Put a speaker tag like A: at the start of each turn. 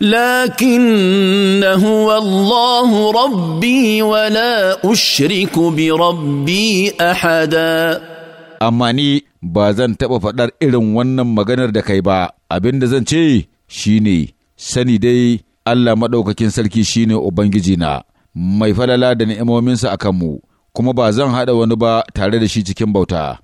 A: لكن هو الله ربي ولا
B: أشرك بربي أحدا amma ni ba zan taɓa faɗar irin wannan maganar da kai ba abin da zan ce shine sani dai Allah maɗaukakin sarki shine na, mai falala da ni'imominsa a kanmu kuma ba zan haɗa wani ba tare da shi cikin bauta